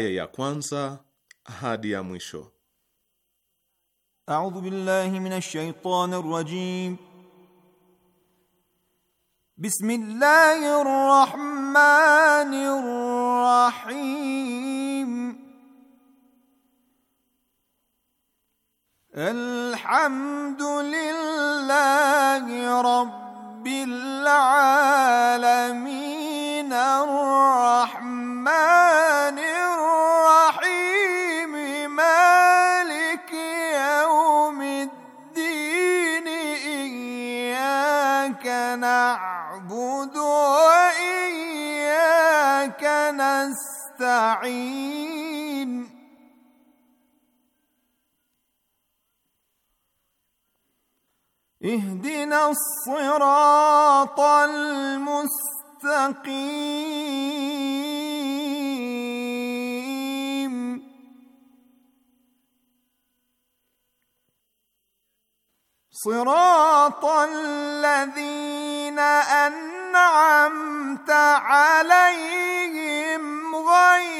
aya ya kwanza hadi ya mwisho. A'udhu billahi minash shaitanir rajim. Bismillahir rahmanir rahim. نعبد وإياك نستعين اهدنا الصراط المستقيم صراط الذين أنعمت عليهم غير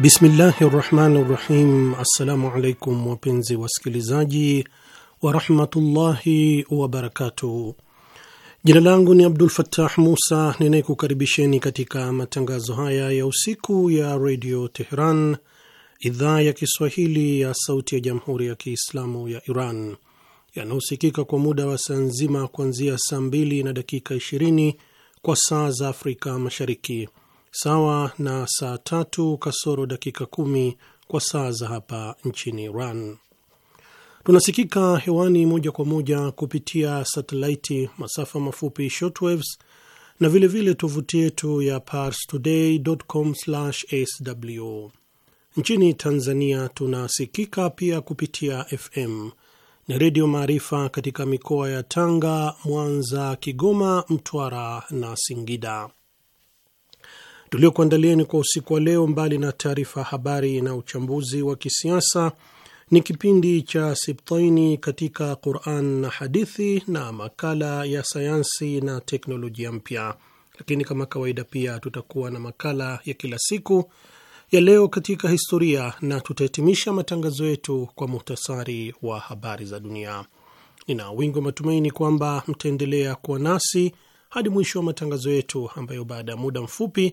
Bismillahi rahmani rahim. Assalamu alaikum wapenzi wasikilizaji warahmatullahi wabarakatuh. Jina langu ni Abdul Fattah Musa ninayekukaribisheni katika matangazo haya ya usiku ya redio Teheran, idhaa ya Kiswahili ya sauti ya jamhuri ya Kiislamu ya Iran, yanayosikika kwa muda wa saa nzima kuanzia saa mbili na dakika 20 kwa saa za Afrika Mashariki sawa na saa tatu kasoro dakika kumi kwa saa za hapa nchini Iran. Tunasikika hewani moja kwa moja kupitia satelaiti, masafa mafupi shortwaves na vilevile tovuti yetu ya pars parstoday.com/sw. Nchini Tanzania tunasikika pia kupitia FM ni Redio Maarifa katika mikoa ya Tanga, Mwanza, Kigoma, Mtwara na Singida tuliokuandalieni kwa usiku wa leo, mbali na taarifa habari na uchambuzi wa kisiasa, ni kipindi cha Sibtaini katika Quran na hadithi na makala ya sayansi na teknolojia mpya. Lakini kama kawaida, pia tutakuwa na makala ya kila siku ya leo katika historia na tutahitimisha matangazo yetu kwa muhtasari wa habari za dunia. Nina wingi wa matumaini kwamba mtaendelea kuwa nasi hadi mwisho wa matangazo yetu ambayo baada ya muda mfupi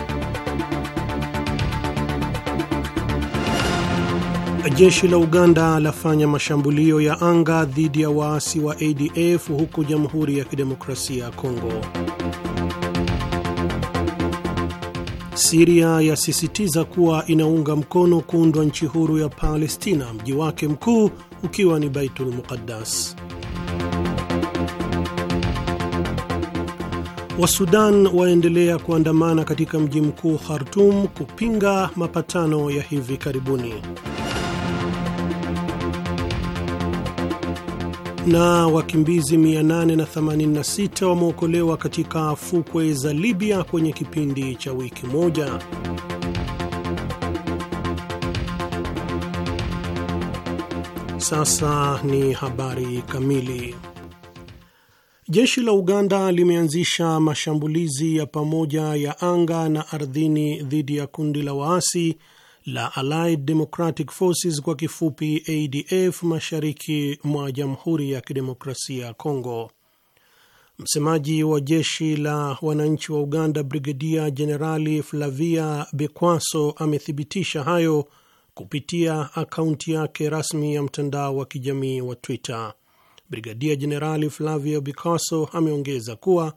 Jeshi la Uganda lafanya mashambulio ya anga dhidi ya waasi wa ADF huku Jamhuri ya Kidemokrasia ya Kongo. Siria yasisitiza kuwa inaunga mkono kuundwa nchi huru ya Palestina, mji wake mkuu ukiwa ni Baitul Muqaddas. Wasudan waendelea kuandamana katika mji mkuu Khartum kupinga mapatano ya hivi karibuni. na wakimbizi 886 wameokolewa katika fukwe za Libya kwenye kipindi cha wiki moja. Sasa ni habari kamili. Jeshi la Uganda limeanzisha mashambulizi ya pamoja ya anga na ardhini dhidi ya kundi la waasi la Allied Democratic Forces kwa kifupi ADF mashariki mwa Jamhuri ya Kidemokrasia ya Kongo. Msemaji wa jeshi la wananchi wa Uganda, Brigedia Jenerali Flavia Bekwaso amethibitisha hayo kupitia akaunti yake rasmi ya mtandao wa kijamii wa Twitter. Brigadia Jenerali Flavio Bikaso ameongeza kuwa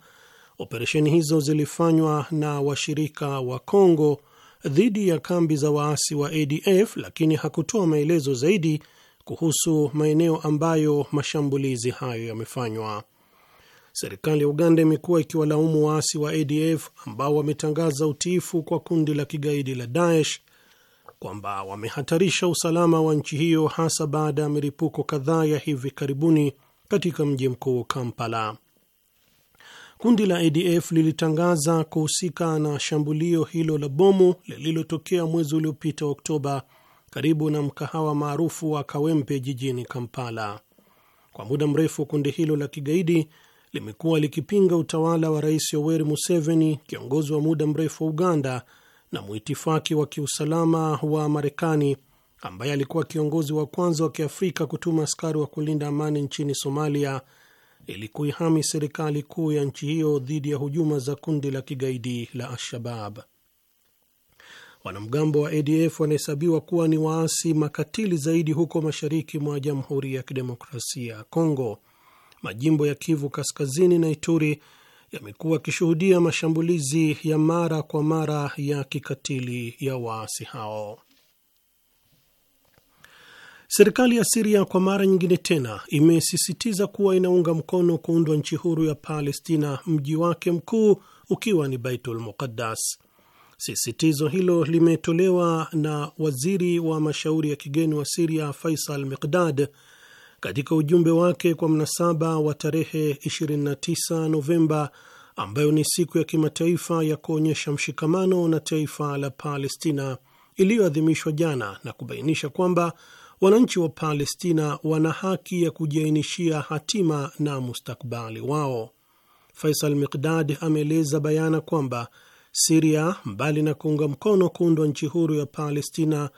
operesheni hizo zilifanywa na washirika wa Kongo dhidi ya kambi za waasi wa ADF, lakini hakutoa maelezo zaidi kuhusu maeneo ambayo mashambulizi hayo yamefanywa. Serikali ya Uganda imekuwa ikiwalaumu waasi wa ADF ambao wametangaza utiifu kwa kundi la kigaidi la Daesh kwamba wamehatarisha usalama wa nchi hiyo hasa baada ya milipuko kadhaa ya hivi karibuni katika mji mkuu Kampala. Kundi la ADF lilitangaza kuhusika na shambulio hilo la bomu lililotokea mwezi uliopita Oktoba karibu na mkahawa maarufu wa Kawempe jijini Kampala. Kwa muda mrefu kundi hilo la kigaidi limekuwa likipinga utawala wa Rais Yoweri Museveni, kiongozi wa muda mrefu wa Uganda na mwitifaki wa kiusalama wa Marekani, ambaye alikuwa kiongozi wa kwanza wa Kiafrika kutuma askari wa kulinda amani nchini Somalia ili kuihami serikali kuu ya nchi hiyo dhidi ya hujuma za kundi la kigaidi la Al-Shabab. Wanamgambo wa ADF wanahesabiwa kuwa ni waasi makatili zaidi huko mashariki mwa Jamhuri ya Kidemokrasia ya Kongo. Majimbo ya Kivu Kaskazini na Ituri yamekuwa akishuhudia mashambulizi ya mara kwa mara ya kikatili ya waasi hao. Serikali ya Siria kwa mara nyingine tena imesisitiza kuwa inaunga mkono kuundwa nchi huru ya Palestina, mji wake mkuu ukiwa ni Baitul Muqaddas. Sisitizo hilo limetolewa na waziri wa mashauri ya kigeni wa Siria Faisal Miqdad katika ujumbe wake kwa mnasaba wa tarehe 29 Novemba ambayo ni siku ya kimataifa ya kuonyesha mshikamano na taifa la Palestina iliyoadhimishwa jana na kubainisha kwamba wananchi wa Palestina wana haki ya kujiainishia hatima na mustakbali wao. Faisal Miqdad ameeleza bayana kwamba Siria, mbali na kuunga mkono kuundwa nchi huru ya Palestina,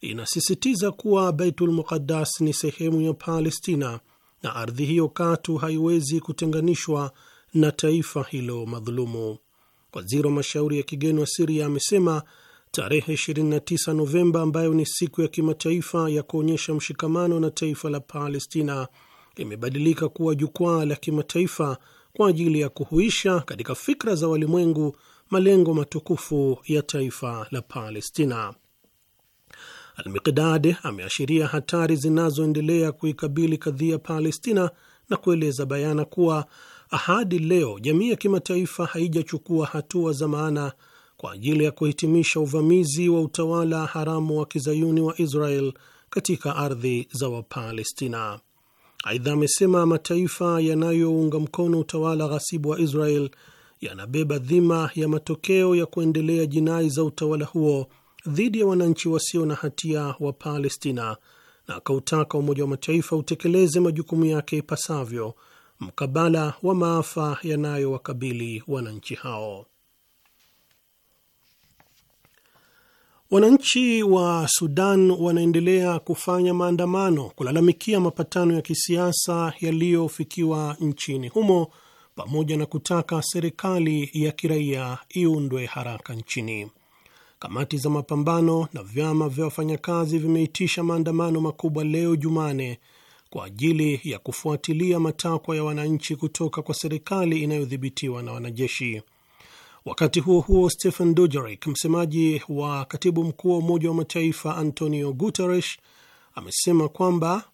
inasisitiza kuwa Baitul Muqaddas ni sehemu ya Palestina na ardhi hiyo katu haiwezi kutenganishwa na taifa hilo madhulumu. Waziri wa mashauri ya kigeni wa Siria amesema tarehe 29 Novemba, ambayo ni siku ya kimataifa ya kuonyesha mshikamano na taifa la Palestina, imebadilika kuwa jukwaa la kimataifa kwa ajili ya kuhuisha katika fikra za walimwengu malengo matukufu ya taifa la Palestina. Almiqdad ameashiria hatari zinazoendelea kuikabili kadhia Palestina na kueleza bayana kuwa ahadi leo jamii ya kimataifa haijachukua hatua za maana kwa ajili ya kuhitimisha uvamizi wa utawala haramu wa kizayuni wa Israel katika ardhi za Wapalestina. Aidha, amesema mataifa yanayounga mkono utawala ghasibu wa Israel yanabeba dhima ya matokeo ya kuendelea jinai za utawala huo dhidi ya wananchi wasio na hatia wa Palestina, na akautaka Umoja wa Mataifa utekeleze majukumu yake ipasavyo mkabala wa maafa yanayowakabili wananchi hao. Wananchi wa Sudan wanaendelea kufanya maandamano kulalamikia mapatano ya kisiasa yaliyofikiwa nchini humo pamoja na kutaka serikali ya kiraia iundwe haraka nchini. Kamati za mapambano na vyama vya wafanyakazi vimeitisha maandamano makubwa leo Jumane kwa ajili ya kufuatilia matakwa ya wananchi kutoka kwa serikali inayodhibitiwa na wanajeshi. Wakati huo huo, Stephen dujerik msemaji wa katibu mkuu wa Umoja wa Mataifa Antonio Guterres, amesema kwamba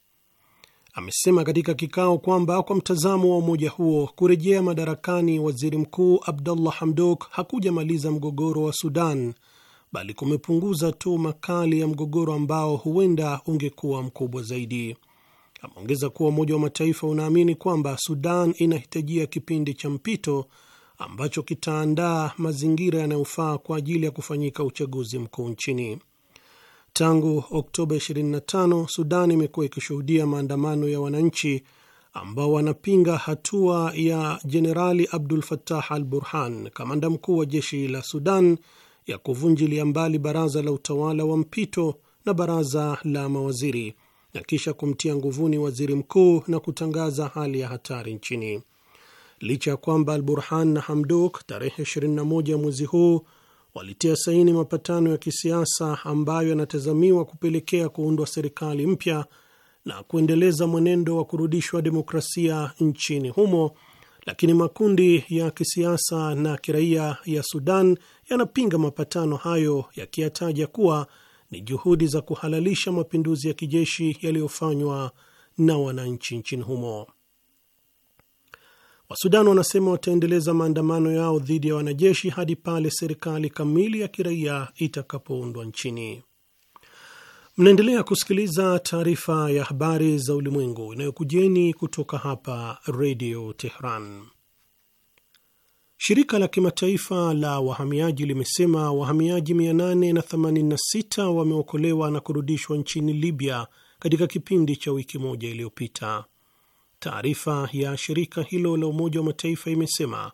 amesema katika kikao kwamba kwa mtazamo wa umoja huo kurejea madarakani waziri mkuu Abdullah Hamdok hakujamaliza mgogoro wa Sudan bali kumepunguza tu makali ya mgogoro ambao huenda ungekuwa mkubwa zaidi. Ameongeza kuwa Umoja wa Mataifa unaamini kwamba Sudan inahitajia kipindi cha mpito ambacho kitaandaa mazingira yanayofaa kwa ajili ya kufanyika uchaguzi mkuu nchini. Tangu Oktoba 25 Sudan imekuwa ikishuhudia maandamano ya wananchi ambao wanapinga hatua ya Jenerali Abdul fatah al Burhan, kamanda mkuu wa jeshi la Sudan, ya kuvunjilia mbali baraza la utawala wa mpito na baraza la mawaziri na kisha kumtia nguvuni waziri mkuu na kutangaza hali ya hatari nchini licha ya kwamba Al Burhan na Hamduk tarehe 21 mwezi huu walitia saini mapatano ya kisiasa ambayo yanatazamiwa kupelekea kuundwa serikali mpya na kuendeleza mwenendo wa kurudishwa demokrasia nchini humo, lakini makundi ya kisiasa na kiraia ya Sudan yanapinga mapatano hayo yakiyataja kuwa ni juhudi za kuhalalisha mapinduzi ya kijeshi yaliyofanywa na wananchi nchini humo. Wasudan wanasema wataendeleza maandamano yao dhidi ya wanajeshi hadi pale serikali kamili ya kiraia itakapoundwa nchini. Mnaendelea kusikiliza taarifa ya habari za ulimwengu inayokujeni kutoka hapa Redio Tehran. Shirika la kimataifa la wahamiaji limesema wahamiaji 886 wameokolewa na kurudishwa nchini Libya katika kipindi cha wiki moja iliyopita. Taarifa ya shirika hilo la Umoja wa Mataifa imesema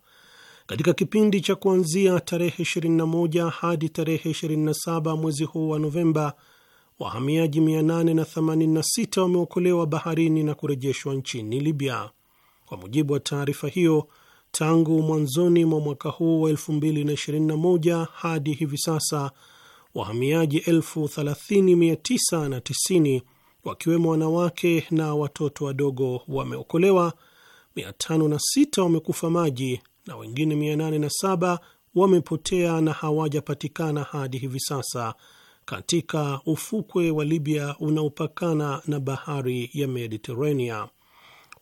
katika kipindi cha kuanzia tarehe 21 hadi tarehe 27 mwezi huu wa Novemba, wahamiaji 886 wameokolewa baharini na kurejeshwa nchini Libya. Kwa mujibu wa taarifa hiyo, tangu mwanzoni mwa mwaka huu wa 2021 hadi hivi sasa wahamiaji 30990 wakiwemo wanawake na watoto wadogo wameokolewa, 506 wamekufa maji na wengine 807 wamepotea na hawajapatikana hadi hivi sasa katika ufukwe wa Libya unaopakana na bahari ya Mediterania.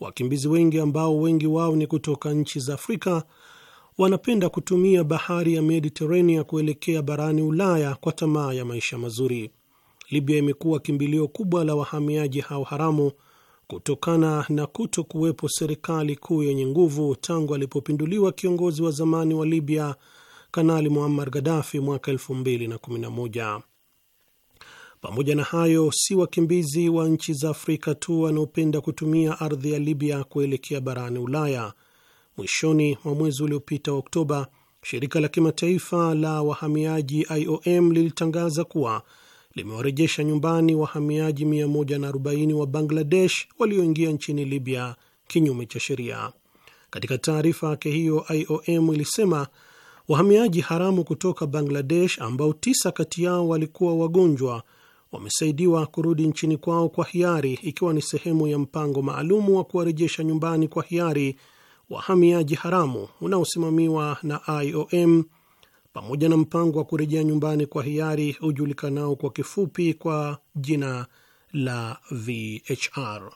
Wakimbizi wengi ambao wengi wao ni kutoka nchi za Afrika wanapenda kutumia bahari ya Mediterania kuelekea barani Ulaya kwa tamaa ya maisha mazuri. Libya imekuwa kimbilio kubwa la wahamiaji hao haramu kutokana na kuto kuwepo serikali kuu yenye nguvu tangu alipopinduliwa kiongozi wa zamani wa Libya Kanali Muammar Gaddafi mwaka 2011. Pamoja na hayo, si wakimbizi wa nchi za Afrika tu wanaopenda kutumia ardhi ya Libya kuelekea barani Ulaya. Mwishoni mwa mwezi uliopita wa Oktoba, shirika la kimataifa la wahamiaji IOM lilitangaza kuwa limewarejesha nyumbani wahamiaji 140 wa Bangladesh walioingia nchini Libya kinyume cha sheria. Katika taarifa yake hiyo, IOM ilisema wahamiaji haramu kutoka Bangladesh ambao tisa kati yao walikuwa wagonjwa wamesaidiwa kurudi nchini kwao kwa hiari, ikiwa ni sehemu ya mpango maalumu wa kuwarejesha nyumbani kwa hiari wahamiaji haramu unaosimamiwa na IOM pamoja na mpango wa kurejea nyumbani kwa hiari hujulikanao kwa kifupi kwa jina la VHR.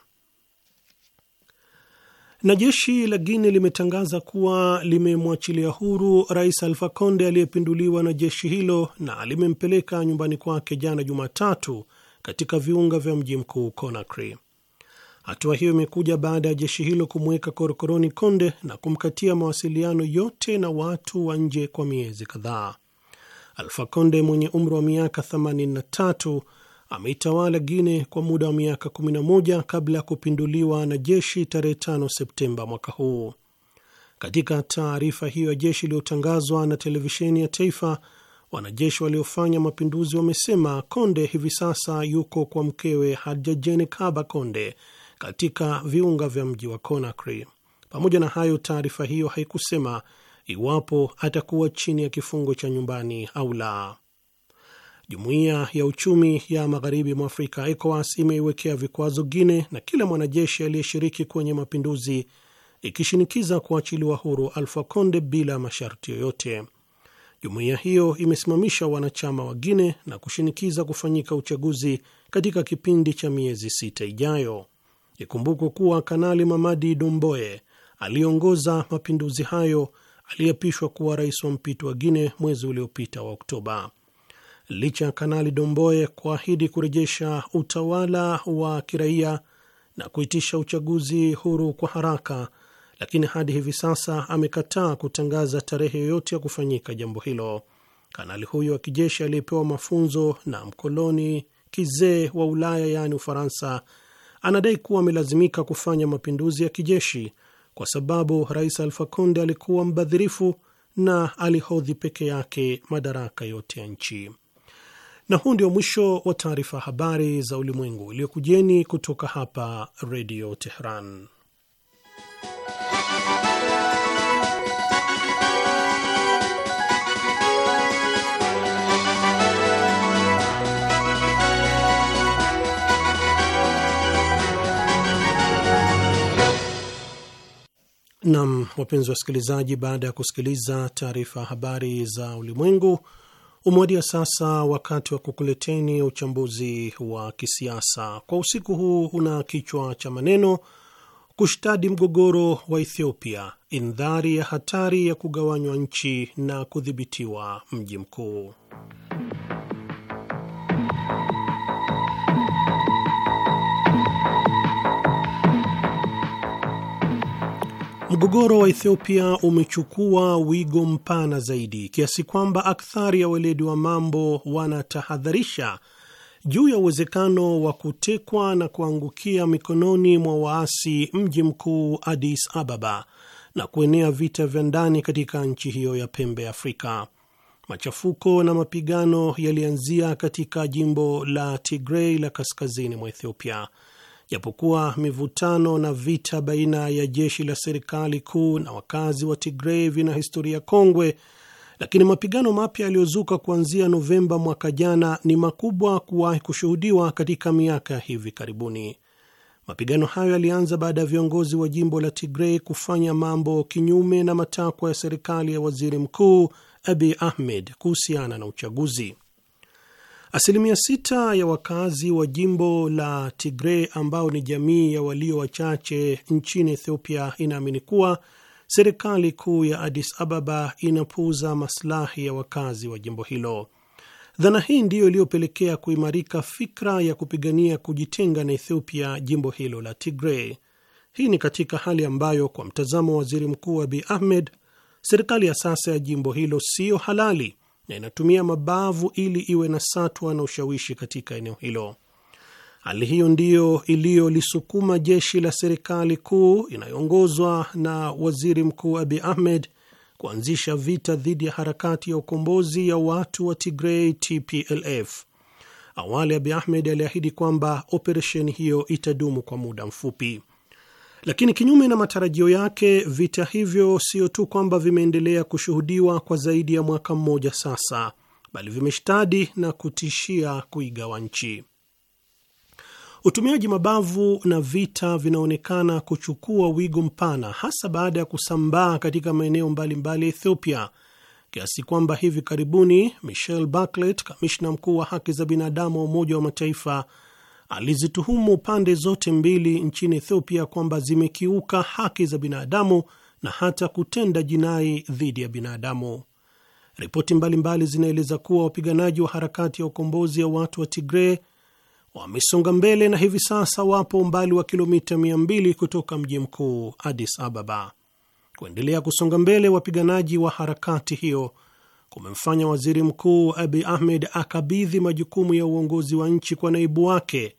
Na jeshi la Guinea limetangaza kuwa limemwachilia huru Rais Alfa Conde aliyepinduliwa na jeshi hilo na limempeleka nyumbani kwake jana Jumatatu katika viunga vya mji mkuu Conakry. Hatua hiyo imekuja baada ya jeshi hilo kumweka korokoroni Konde na kumkatia mawasiliano yote na watu wa nje kwa miezi kadhaa. Alfa Konde mwenye umri wa miaka 83 ameitawala Guine kwa muda wa miaka 11 kabla ya kupinduliwa na jeshi tarehe 5 Septemba mwaka huu. Katika taarifa hiyo ya jeshi iliyotangazwa na televisheni ya taifa, wanajeshi waliofanya mapinduzi wamesema Konde hivi sasa yuko kwa mkewe Hadjajene Kaba Konde katika viunga vya mji wa Conakry. Pamoja na hayo, taarifa hiyo haikusema iwapo atakuwa chini ya kifungo cha nyumbani au la. Jumuiya ya uchumi ya magharibi mwa Afrika, ECOWAS, imeiwekea vikwazo Guine na kila mwanajeshi aliyeshiriki kwenye mapinduzi, ikishinikiza kuachiliwa huru Alfa Conde bila masharti yoyote. Jumuiya hiyo imesimamisha wanachama wa Guine na kushinikiza kufanyika uchaguzi katika kipindi cha miezi sita ijayo. Ikumbukwe kuwa Kanali Mamadi Domboe aliongoza mapinduzi hayo aliyeapishwa kuwa rais wa mpito wa Guine mwezi uliopita wa Oktoba. Licha ya Kanali Domboe kuahidi kurejesha utawala wa kiraia na kuitisha uchaguzi huru kwa haraka, lakini hadi hivi sasa amekataa kutangaza tarehe yoyote ya kufanyika jambo hilo. Kanali huyo wa kijeshi aliyepewa mafunzo na mkoloni kizee wa Ulaya yaani Ufaransa anadai kuwa amelazimika kufanya mapinduzi ya kijeshi kwa sababu Rais Alfa Conde alikuwa mbadhirifu na alihodhi peke yake madaraka yote ya nchi. Na huu ndio mwisho wa taarifa habari za ulimwengu iliyokujeni kutoka hapa Redio Teheran. Nam, wapenzi wasikilizaji, baada ya kusikiliza taarifa ya habari za ulimwengu, umewadia sasa wakati wa kukuleteni uchambuzi wa kisiasa kwa usiku huu. Una kichwa cha maneno kushtadi mgogoro wa Ethiopia, indhari ya hatari ya kugawanywa nchi na kudhibitiwa mji mkuu. Mgogoro wa Ethiopia umechukua wigo mpana zaidi kiasi kwamba akthari ya weledi wa mambo wanatahadharisha juu ya uwezekano wa kutekwa na kuangukia mikononi mwa waasi mji mkuu Addis Ababa na kuenea vita vya ndani katika nchi hiyo ya pembe Afrika. Machafuko na mapigano yalianzia katika jimbo la Tigray la kaskazini mwa Ethiopia. Japokuwa mivutano na vita baina ya jeshi la serikali kuu na wakazi wa Tigrei vina historia kongwe, lakini mapigano mapya yaliyozuka kuanzia Novemba mwaka jana ni makubwa kuwahi kushuhudiwa katika miaka hivi karibuni. Mapigano hayo yalianza baada ya viongozi wa jimbo la Tigrei kufanya mambo kinyume na matakwa ya serikali ya waziri mkuu abi Ahmed kuhusiana na uchaguzi. Asilimia sita ya wakazi wa jimbo la Tigre ambao ni jamii ya walio wachache nchini Ethiopia inaamini kuwa serikali kuu ya Addis Ababa inapuuza maslahi ya wakazi wa jimbo hilo. Dhana hii ndiyo iliyopelekea kuimarika fikra ya kupigania kujitenga na Ethiopia jimbo hilo la Tigre. Hii ni katika hali ambayo kwa mtazamo wa waziri mkuu Abiy Ahmed, serikali ya sasa ya jimbo hilo siyo halali na inatumia mabavu ili iwe na satwa na ushawishi katika eneo hilo. Hali hiyo ndiyo iliyolisukuma jeshi la serikali kuu inayoongozwa na waziri mkuu Abi Ahmed kuanzisha vita dhidi ya harakati ya ukombozi ya watu wa Tigrei, TPLF. Awali Abi Ahmed aliahidi kwamba operesheni hiyo itadumu kwa muda mfupi. Lakini kinyume na matarajio yake, vita hivyo sio tu kwamba vimeendelea kushuhudiwa kwa zaidi ya mwaka mmoja sasa, bali vimeshtadi na kutishia kuigawa nchi. Utumiaji mabavu na vita vinaonekana kuchukua wigo mpana, hasa baada ya kusambaa katika maeneo mbalimbali ya Ethiopia kiasi kwamba hivi karibuni Michelle Bachelet, kamishna mkuu wa haki za binadamu wa Umoja wa Mataifa, Alizituhumu pande zote mbili nchini Ethiopia kwamba zimekiuka haki za binadamu na hata kutenda jinai dhidi ya binadamu. Ripoti mbalimbali zinaeleza kuwa wapiganaji wa harakati ya ukombozi ya watu wa Tigre wamesonga mbele na hivi sasa wapo umbali wa kilomita 200 kutoka mji mkuu Addis Ababa. Kuendelea kusonga mbele wapiganaji wa harakati hiyo kumemfanya waziri mkuu Abi Ahmed akabidhi majukumu ya uongozi wa nchi kwa naibu wake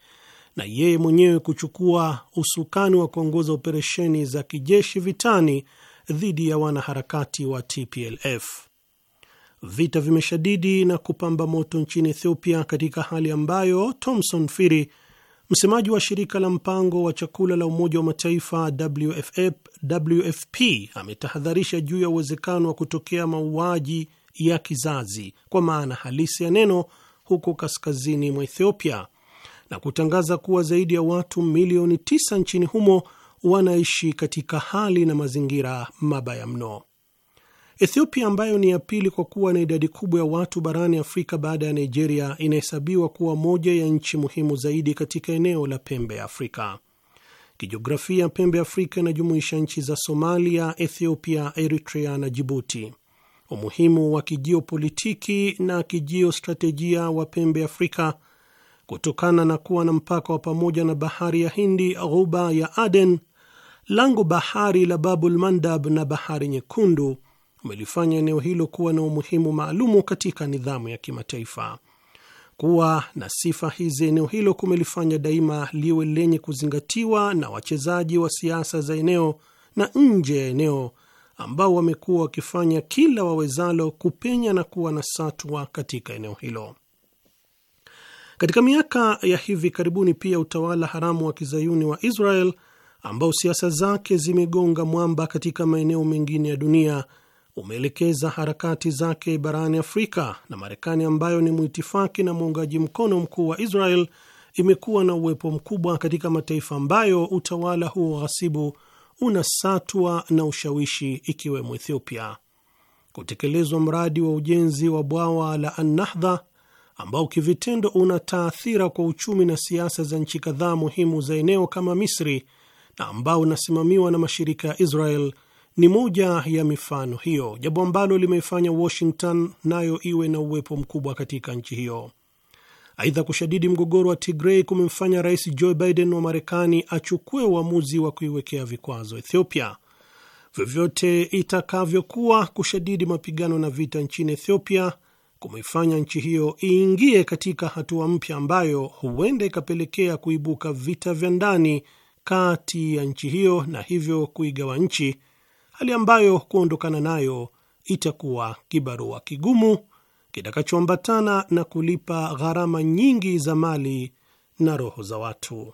na yeye mwenyewe kuchukua usukani wa kuongoza operesheni za kijeshi vitani dhidi ya wanaharakati wa TPLF. Vita vimeshadidi na kupamba moto nchini Ethiopia katika hali ambayo Thomson Firi, msemaji wa shirika la mpango wa chakula la Umoja wa Mataifa WFF, WFP ametahadharisha juu ya uwezekano wa kutokea mauaji ya kizazi kwa maana halisi ya neno huko kaskazini mwa Ethiopia na kutangaza kuwa zaidi ya watu milioni tisa nchini humo wanaishi katika hali na mazingira mabaya mno. Ethiopia ambayo ni ya pili kwa kuwa na idadi kubwa ya watu barani Afrika baada ya Nigeria, inahesabiwa kuwa moja ya nchi muhimu zaidi katika eneo la pembe ya Afrika. Kijiografia, pembe ya Afrika inajumuisha nchi za Somalia, Ethiopia, Eritrea na Jibuti. Umuhimu wa kijiopolitiki na kijiostrategia wa pembe Afrika kutokana na kuwa na mpaka wa pamoja na bahari ya Hindi, ghuba ya Aden, lango bahari la Babul Mandab na bahari Nyekundu umelifanya eneo hilo kuwa na umuhimu maalumu katika nidhamu ya kimataifa. Kuwa na sifa hizi eneo hilo kumelifanya daima liwe lenye kuzingatiwa na wachezaji wa siasa za eneo na nje ya eneo ambao wamekuwa wakifanya kila wawezalo kupenya na kuwa na satwa katika eneo hilo. Katika miaka ya hivi karibuni pia utawala haramu wa kizayuni wa Israel ambao siasa zake zimegonga mwamba katika maeneo mengine ya dunia umeelekeza harakati zake barani Afrika, na Marekani ambayo ni mwitifaki na mwungaji mkono mkuu wa Israel imekuwa na uwepo mkubwa katika mataifa ambayo utawala huo ghasibu unasatwa na ushawishi, ikiwemo Ethiopia. Kutekelezwa mradi wa ujenzi wa bwawa la Annahdha ambao kivitendo una taathira kwa uchumi na siasa za nchi kadhaa muhimu za eneo kama Misri na ambao unasimamiwa na mashirika ya Israel ni moja ya mifano hiyo, jambo ambalo limeifanya Washington nayo iwe na uwepo mkubwa katika nchi hiyo. Aidha, kushadidi mgogoro wa Tigrei kumemfanya Rais Joe Biden wa Marekani achukue uamuzi wa kuiwekea vikwazo Ethiopia. Vyovyote itakavyokuwa, kushadidi mapigano na vita nchini Ethiopia kumeifanya nchi hiyo iingie katika hatua mpya ambayo huenda ikapelekea kuibuka vita vya ndani kati ya nchi hiyo na hivyo kuigawa nchi, hali ambayo kuondokana nayo itakuwa kibarua kigumu kitakachoambatana na kulipa gharama nyingi za mali na roho za watu.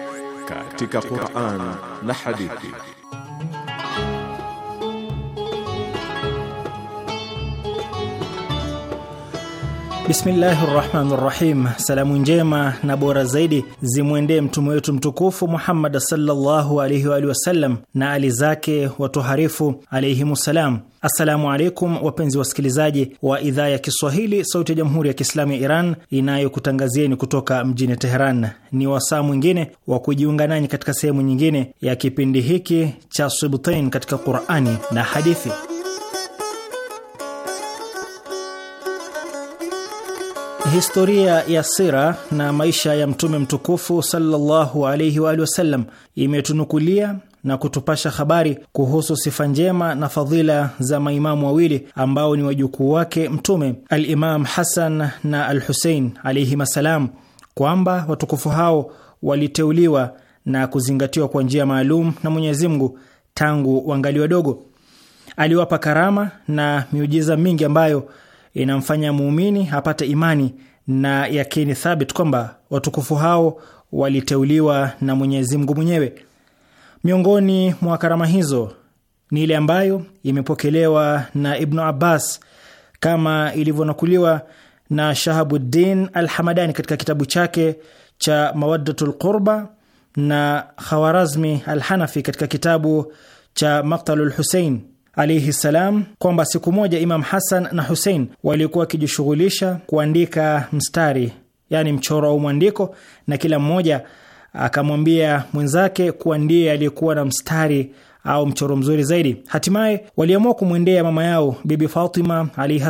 katika Qur'an na hadithi Bismillahi rahmani rahim. Salamu njema na bora zaidi zimwendee mtume wetu mtukufu Muhammad sallallahu alaihi wa alihi wasallam na ali zake watoharifu alaihimussalam. Assalamu alaikum wapenzi wasikilizaji wa idhaa ya Kiswahili sauti ya jamhuri ya Kiislamu ya Iran inayokutangazieni kutoka mjini Teheran. Ni wasaa mwingine wa kujiunga nanyi katika sehemu nyingine ya kipindi hiki cha Sibtain katika Qurani na Hadithi. Historia ya sira na maisha ya mtume mtukufu sallallahu alaihi wa alihi wasallam imetunukulia na kutupasha habari kuhusu sifa njema na fadhila za maimamu wawili ambao ni wajukuu wake mtume Alimam Hasan na Al-Husein alaihim assalam, kwamba watukufu hao waliteuliwa na kuzingatiwa kwa njia maalum na Mwenyezi Mungu tangu wangali wadogo. Aliwapa karama na miujiza mingi ambayo inamfanya muumini apate imani na yakini thabit kwamba watukufu hao waliteuliwa na Mwenyezi Mungu mwenyewe. Miongoni mwa karama hizo ni ile ambayo imepokelewa na Ibnu Abbas kama ilivyonakuliwa na Shahabuddin Alhamadani katika kitabu chake cha Mawaddatul Lqurba na Khawarazmi Alhanafi katika kitabu cha Maktalu Lhusein alaihi kwamba siku moja Imam Hasan na Husein walikuwa wakijishughulisha kuandika mstari, yani mchoro au mwandiko, na kila mmoja akamwambia mwenzake kuwa ndiye aliyekuwa na mstari au mchoro mzuri zaidi. Hatimaye waliamua kumwendea mama yao Bibi Fatima alaihi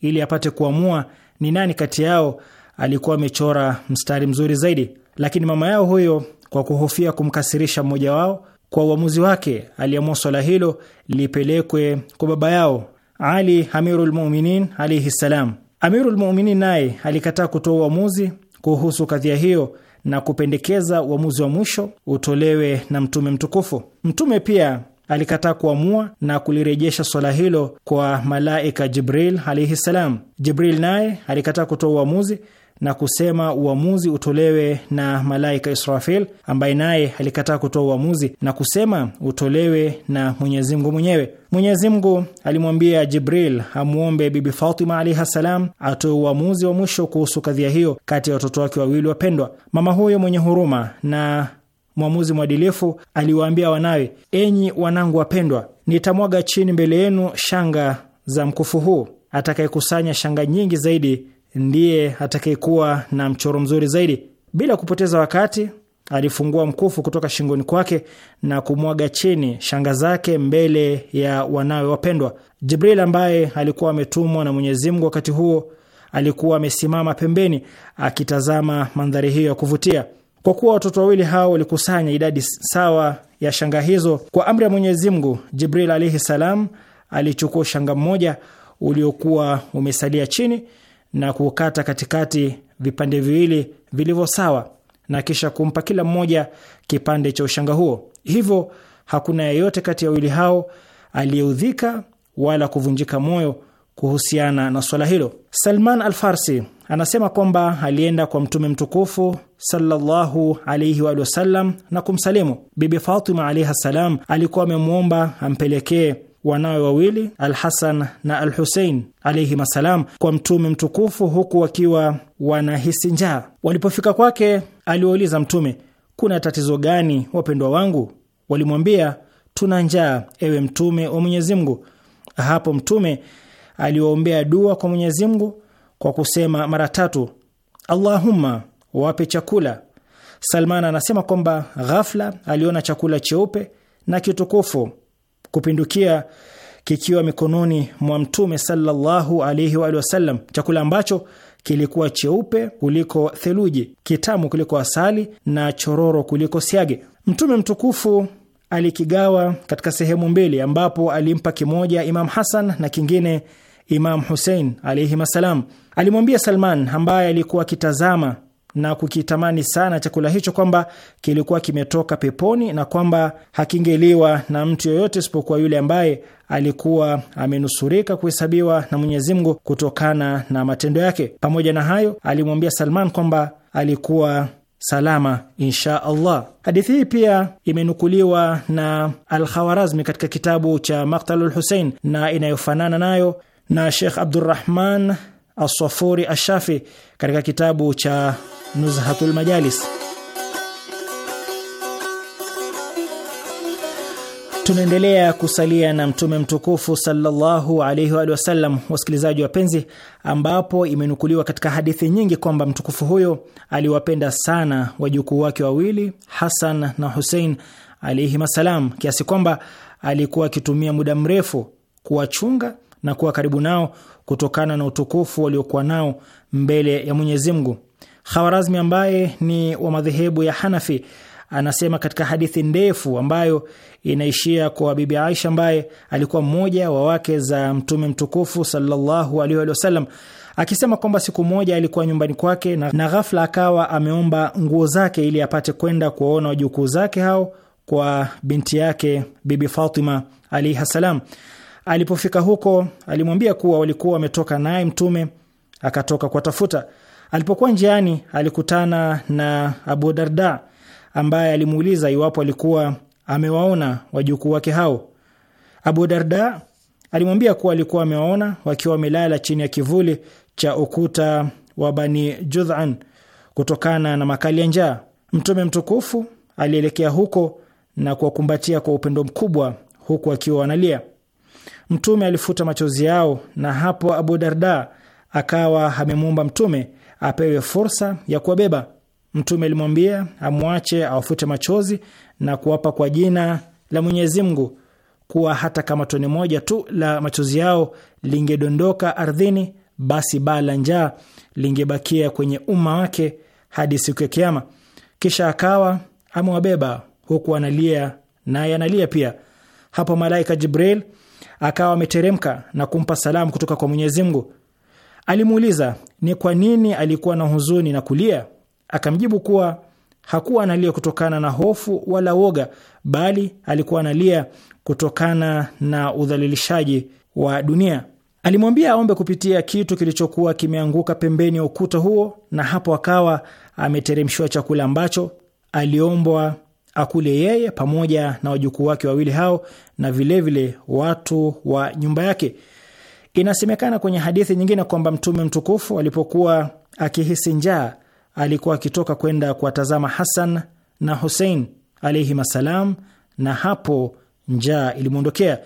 ili apate kuamua ni nani kati yao alikuwa amechora mstari mzuri zaidi, lakini mama yao huyo, kwa kuhofia kumkasirisha mmoja wao kwa uamuzi wake aliamua swala hilo lipelekwe kwa baba yao Ali Amirul Muminin alaihi ssalam. Amirul Muminin naye alikataa kutoa uamuzi kuhusu kadhia hiyo na kupendekeza uamuzi wa mwisho utolewe na mtume mtukufu. Mtume pia alikataa kuamua na kulirejesha swala hilo kwa malaika Jibril alaihi ssalam. Jibril naye alikataa kutoa uamuzi na kusema uamuzi utolewe na malaika Israfil, ambaye naye alikataa kutoa uamuzi na kusema utolewe na Mwenyezi Mungu mwenyewe. Mwenyezi Mungu alimwambia Jibril amwombe Bibi Fatima alaihi salam atoe uamuzi wa mwisho kuhusu kadhia hiyo kati ya watoto wake wawili wapendwa. Mama huyo mwenye huruma na mwamuzi mwadilifu aliwaambia wanawe, enyi wanangu wapendwa, nitamwaga chini mbele yenu shanga za mkufu huu, atakayekusanya shanga nyingi zaidi ndiye atakayekuwa na mchoro mzuri zaidi. Bila kupoteza wakati, alifungua mkufu kutoka shingoni kwake na kumwaga chini shanga zake mbele ya wanawe wapendwa. Jibril ambaye alikuwa ametumwa na Mwenyezi Mungu wakati huo alikuwa amesimama pembeni akitazama mandhari hiyo ya kuvutia. Kwa kuwa watoto wawili hao walikusanya idadi sawa ya shanga hizo, kwa amri ya Mwenyezi Mungu, Jibril alaihi salam alichukua ushanga mmoja uliokuwa umesalia chini na kukata katikati vipande viwili vilivyo sawa na kisha kumpa kila mmoja kipande cha ushanga huo. Hivyo hakuna yeyote kati ya wawili hao aliyeudhika wala kuvunjika moyo kuhusiana na swala hilo. Salman al farsi anasema kwamba alienda kwa Mtume mtukufu sallallahu alaihi wasallam na kumsalimu. Bibi Fatima alaihi ssalam alikuwa amemwomba ampelekee wanawe wawili Alhasan na Al Husein alaihim assalam kwa Mtume mtukufu huku wakiwa wanahisi njaa. Walipofika kwake, aliwauliza Mtume, kuna tatizo gani wapendwa wangu? Walimwambia, tuna njaa, ewe Mtume wa Mwenyezi Mungu. Hapo Mtume aliwaombea dua kwa Mwenyezi Mungu kwa kusema mara tatu, Allahumma wape chakula. Salmana anasema kwamba ghafla aliona chakula cheupe na kitukufu kupindukia kikiwa mikononi mwa Mtume sallallahu alaihi wa sallam, chakula ambacho kilikuwa cheupe kuliko theluji, kitamu kuliko asali na chororo kuliko siage. Mtume mtukufu alikigawa katika sehemu mbili, ambapo alimpa kimoja Imam Hasan na kingine Imam Husein alaihim assalam. Alimwambia Salman ambaye alikuwa akitazama na kukitamani sana chakula hicho kwamba kilikuwa kimetoka peponi na kwamba hakingeliwa na mtu yoyote isipokuwa yule ambaye alikuwa amenusurika kuhesabiwa na Mwenyezi Mungu kutokana na matendo yake. Pamoja na hayo, alimwambia Salman kwamba alikuwa salama insha Allah. Hadithi hii pia imenukuliwa na Al-Khawarazmi katika kitabu cha Maktalul Husein na inayofanana nayo na Shekh Abdurrahman asafuri Ashafi katika kitabu cha Nuzhatul Majalis. Tunaendelea kusalia na Mtume mtukufu sallallahu alaihi wa sallam, wasikilizaji wapenzi, ambapo imenukuliwa katika hadithi nyingi kwamba mtukufu huyo aliwapenda sana wajukuu wake wawili Hasan na Husein alaihim assalam, kiasi kwamba alikuwa akitumia muda mrefu kuwachunga na kuwa karibu nao kutokana na utukufu waliokuwa nao mbele ya Mwenyezi Mungu. Khawarazmi ambaye ni wa madhehebu ya Hanafi anasema katika hadithi ndefu ambayo inaishia kwa Bibi Aisha ambaye alikuwa mmoja wa wake za Mtume mtukufu sallallahu alaihi wasallam akisema kwamba siku moja alikuwa nyumbani kwake na, na ghafla akawa ameomba nguo zake ili apate kwenda kuwaona wajukuu zake hao kwa binti yake Bibi Fatima alaihi salam. Alipofika huko alimwambia kuwa walikuwa wametoka naye Mtume akatoka kuwatafuta. Alipokuwa njiani, alikutana na Abu Darda ambaye alimuuliza iwapo alikuwa amewaona wajukuu wake hao. Abu Darda alimwambia kuwa alikuwa amewaona wakiwa wamelala chini ya kivuli cha ukuta wa Bani Judhan kutokana na makali ya njaa. Mtume mtukufu alielekea huko na kuwakumbatia kwa upendo mkubwa huku akiwa wanalia. Mtume alifuta machozi yao, na hapo Abu Darda akawa amemwomba Mtume apewe fursa ya kuwabeba. Mtume alimwambia amwache awafute machozi na kuwapa kwa jina la Mwenyezi Mungu kuwa hata kama tone moja tu la machozi yao lingedondoka ardhini, basi baa la njaa lingebakia kwenye umma wake hadi siku ya Kiama. Kisha akawa amewabeba huku analia naye analia pia. Hapo malaika Jibril akawa ameteremka na kumpa salamu kutoka kwa Mwenyezi Mungu. Alimuuliza ni kwa nini alikuwa na huzuni na kulia. Akamjibu kuwa hakuwa analia kutokana na hofu wala woga, bali alikuwa analia kutokana na udhalilishaji wa dunia. Alimwambia aombe kupitia kitu kilichokuwa kimeanguka pembeni ya ukuta huo, na hapo akawa ameteremshiwa chakula ambacho aliombwa akule yeye pamoja na wajukuu wake wawili hao na vilevile vile watu wa nyumba yake. Inasemekana kwenye hadithi nyingine kwamba Mtume mtukufu alipokuwa akihisi njaa alikuwa akitoka kwenda kuwatazama Hasan na Husein alaihim assalam, na hapo njaa ilimwondokea.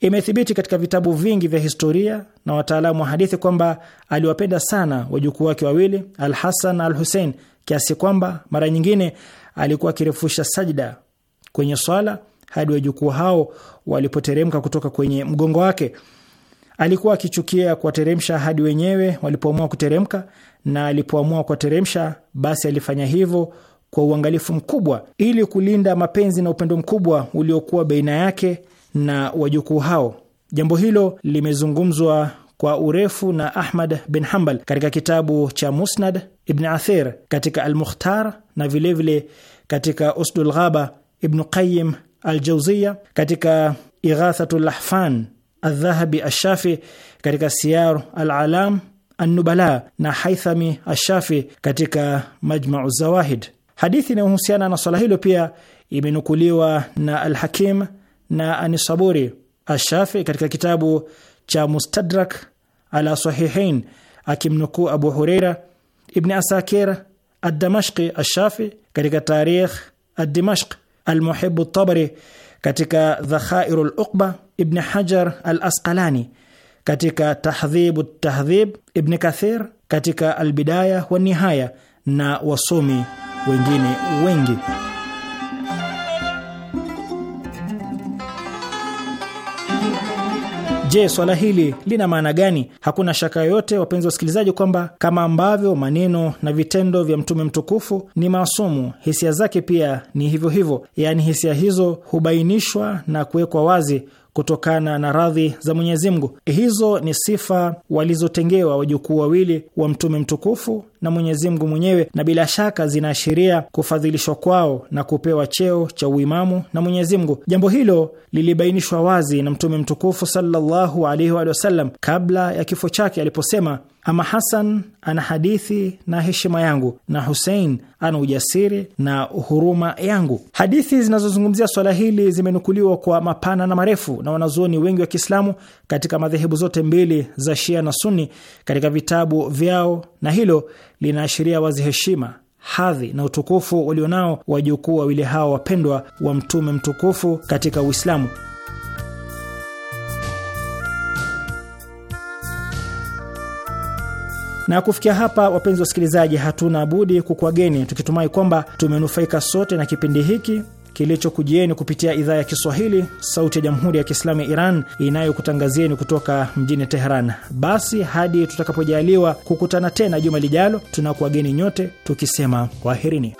Imethibiti katika vitabu vingi vya historia na wataalamu wa hadithi kwamba aliwapenda sana wajukuu wake wawili Al Hasan Al Husein, kiasi kwamba mara nyingine alikuwa akirefusha sajda kwenye swala hadi wajukuu hao walipoteremka kutoka kwenye mgongo wake. Alikuwa akichukia kuwateremsha hadi wenyewe walipoamua kuteremka, na alipoamua kuwateremsha, basi alifanya hivyo kwa uangalifu mkubwa ili kulinda mapenzi na upendo mkubwa uliokuwa baina yake na wajukuu hao. Jambo hilo limezungumzwa kwa urefu na Ahmad bin hambal katika kitabu cha Musnad, Ibn Athir katika almukhtar na vilevile vile katika Usdul Ghaba, qayim aljauziya katika Ighathatu Lahfan Aldhahabi Ashafi katika Siyar Alalam Annubala na Haithami Ashafi katika Majmau Zawahid. Hadithi inayohusiana na swala hilo pia imenukuliwa na Alhakim na Anisaburi Ashafi katika kitabu cha Mustadrak ala Sahihain akimnukuu Abu Hureira. Ibni Asakir Aldamashqi Ashafi katika Tarikh Aldimashq, Almuhibu Tabari katika Dhakhairu Luqba Ibn Hajar al Asqalani katika Tahdhibu Tahdhib, Ibn Kathir katika Albidaya wa Nihaya na wasomi wengine wengi. Je, swala hili lina maana gani? Hakuna shaka yoyote, wapenzi wasikilizaji, kwamba kama ambavyo maneno na vitendo vya mtume mtukufu ni masumu, hisia zake pia ni hivyo hivyo, yaani hisia hizo hubainishwa na kuwekwa wazi kutokana na radhi za Mwenyezi Mungu. Hizo ni sifa walizotengewa wajukuu wawili wa Mtume mtukufu na Mwenyezi Mungu mwenyewe, na bila shaka zinaashiria kufadhilishwa kwao na kupewa cheo cha uimamu na Mwenyezi Mungu. Jambo hilo lilibainishwa wazi na Mtume mtukufu sallallahu alaihi wa sallam kabla ya kifo chake aliposema ama Hasan ana hadithi na heshima yangu na Husein ana ujasiri na huruma yangu. Hadithi zinazozungumzia swala hili zimenukuliwa kwa mapana na marefu na wanazuoni wengi wa Kiislamu katika madhehebu zote mbili za Shia na Sunni katika vitabu vyao, na hilo linaashiria wazi heshima, hadhi na utukufu walionao wajukuu wawili hao wapendwa wa Mtume mtukufu katika Uislamu. Na kufikia hapa, wapenzi wasikilizaji, hatuna budi kukuageni tukitumai kwamba tumenufaika sote na kipindi hiki kilichokujieni kupitia idhaa ya Kiswahili sauti ya Jamhuri ya Kiislamu ya Iran inayokutangazieni kutoka mjini Teheran. Basi hadi tutakapojaliwa kukutana tena juma lijalo, tunakuwageni nyote tukisema kwaherini.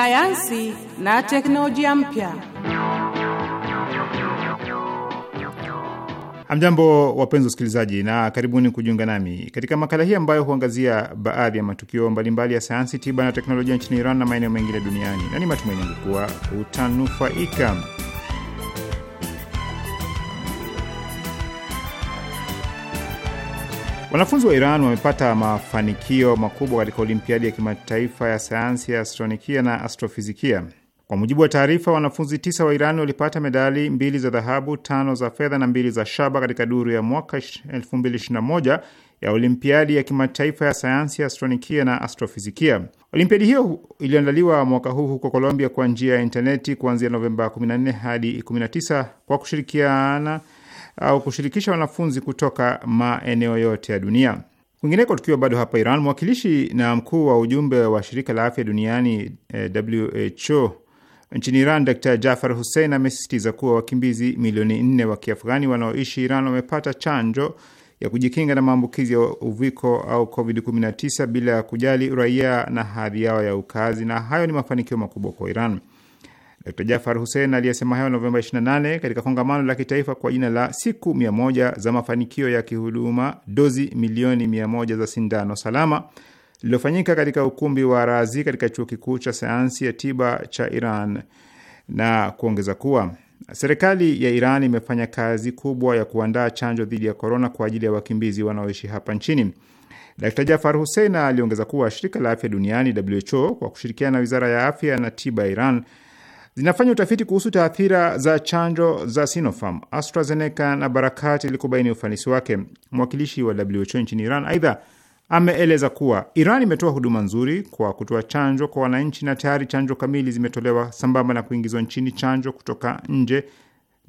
sayansi na teknolojia mpya. Hamjambo, wapenzi wasikilizaji, na karibuni kujiunga nami katika makala hii ambayo huangazia baadhi ya matukio mbalimbali mbali ya sayansi, tiba na teknolojia nchini Iran na maeneo mengine duniani, na ni matumaini yangu kuwa utanufaika. Wanafunzi wa Iran wamepata mafanikio makubwa katika olimpiadi ya kimataifa ya sayansi ya astronikia na astrofizikia. Kwa mujibu wa taarifa, wanafunzi tisa wa Iran walipata medali mbili za dhahabu, tano za fedha na mbili za shaba katika duru ya mwaka 2021 ya olimpiadi ya kimataifa ya sayansi ya astronikia na astrofizikia. Olimpiadi hiyo iliandaliwa mwaka huu huko Colombia kwa njia ya intaneti kuanzia Novemba 14 hadi 19 kwa kushirikiana au kushirikisha wanafunzi kutoka maeneo yote ya dunia. Kwingineko, tukiwa bado hapa Iran, mwakilishi na mkuu wa ujumbe wa shirika la afya duniani eh, WHO nchini Iran, Dr Jafar Hussein amesisitiza kuwa wakimbizi milioni nne wa Kiafghani wanaoishi Iran wamepata chanjo ya kujikinga na maambukizi ya uviko au COVID-19 bila ya kujali uraia na hadhi yao ya ukazi, na hayo ni mafanikio makubwa kwa Iran. Dr Jafar Hussein aliyesema hayo Novemba 28 katika kongamano la kitaifa kwa jina la siku 100 za mafanikio ya kihuduma dozi milioni 100 za sindano salama lililofanyika katika ukumbi wa Razi katika chuo kikuu cha sayansi ya tiba cha Iran na kuongeza kuwa serikali ya Iran imefanya kazi kubwa ya kuandaa chanjo dhidi ya korona kwa ajili ya wakimbizi wanaoishi hapa nchini. Dr Jafar Hussein aliongeza kuwa shirika la afya duniani WHO kwa kushirikiana na wizara ya afya na tiba ya Iran zinafanya utafiti kuhusu taathira za chanjo za Sinopharm, AstraZeneca na Barakat ili kubaini ufanisi wake. Mwakilishi wa WHO nchini Iran aidha ameeleza kuwa Iran imetoa huduma nzuri kwa kutoa chanjo kwa wananchi na tayari chanjo kamili zimetolewa sambamba na kuingizwa nchini chanjo kutoka nje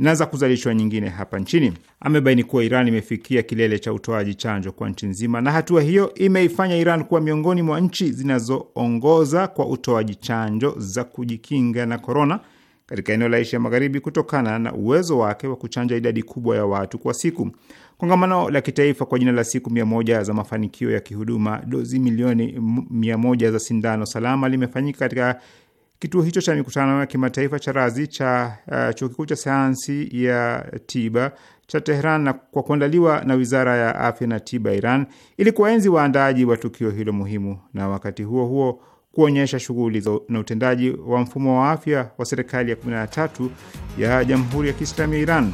na za kuzalishwa nyingine hapa nchini. Amebaini kuwa Iran imefikia kilele cha utoaji chanjo kwa nchi nzima, na hatua hiyo imeifanya Iran kuwa miongoni mwa nchi zinazoongoza kwa utoaji chanjo za kujikinga na korona katika eneo la Asia Magharibi kutokana na uwezo wake wa kuchanja idadi kubwa ya watu kwa siku. Kongamano la kitaifa kwa jina la siku mia moja za mafanikio ya kihuduma, dozi milioni mia moja za sindano salama limefanyika katika Kituo hicho cha mikutano ya kimataifa cha Razi cha uh, chuo kikuu cha sayansi ya tiba cha Tehran na kwa kuandaliwa na wizara ya afya na tiba Iran ili kuwaenzi waandaaji wa tukio hilo muhimu na wakati huo huo kuonyesha shughuli na utendaji wa mfumo wa afya wa serikali ya 13 ya Jamhuri ya Kiislamu ya Iran.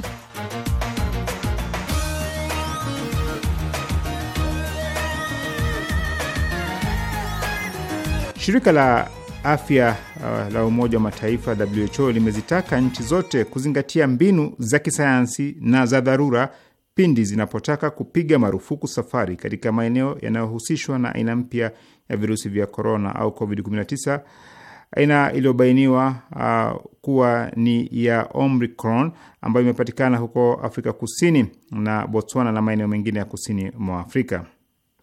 Shirika la afya uh, la Umoja wa Mataifa WHO limezitaka nchi zote kuzingatia mbinu za kisayansi na za dharura pindi zinapotaka kupiga marufuku safari katika maeneo yanayohusishwa na aina mpya ya virusi vya korona au COVID-19, aina iliyobainiwa uh, kuwa ni ya Omicron ambayo imepatikana huko Afrika Kusini na Botswana na maeneo mengine ya kusini mwa Afrika.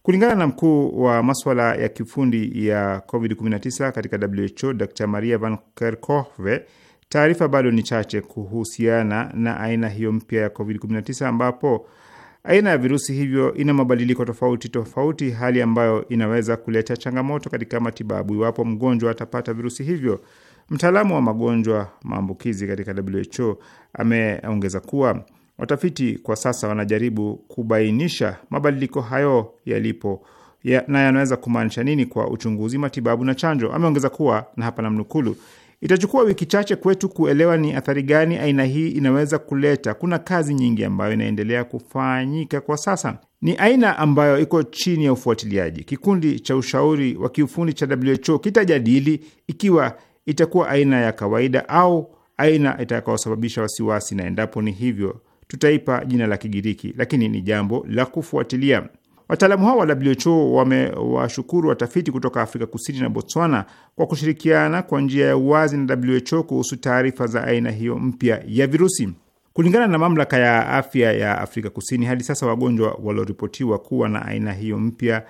Kulingana na mkuu wa maswala ya kiufundi ya COVID-19 katika WHO Dr Maria Van Kerkhove, taarifa bado ni chache kuhusiana na aina hiyo mpya ya COVID-19 ambapo aina ya virusi hivyo ina mabadiliko tofauti tofauti, hali ambayo inaweza kuleta changamoto katika matibabu iwapo mgonjwa atapata virusi hivyo. Mtaalamu wa magonjwa maambukizi katika WHO ameongeza kuwa Watafiti kwa sasa wanajaribu kubainisha mabadiliko hayo yalipo ya, na yanaweza kumaanisha nini kwa uchunguzi, matibabu na chanjo. Ameongeza kuwa na hapa namnukulu, itachukua wiki chache kwetu kuelewa ni athari gani aina hii inaweza kuleta. Kuna kazi nyingi ambayo inaendelea kufanyika kwa sasa. Ni aina ambayo iko chini ya ufuatiliaji. Kikundi cha ushauri wa kiufundi cha WHO kitajadili ikiwa itakuwa aina ya kawaida au aina itakayosababisha wasiwasi, na endapo ni hivyo tutaipa jina la Kigiriki, lakini ni jambo la kufuatilia. Wataalamu hao wa WHO wamewashukuru watafiti kutoka Afrika Kusini na Botswana kwa kushirikiana kwa njia ya uwazi na WHO kuhusu taarifa za aina hiyo mpya ya virusi. Kulingana na mamlaka ya afya ya Afrika Kusini, hadi sasa wagonjwa walioripotiwa kuwa na aina hiyo mpya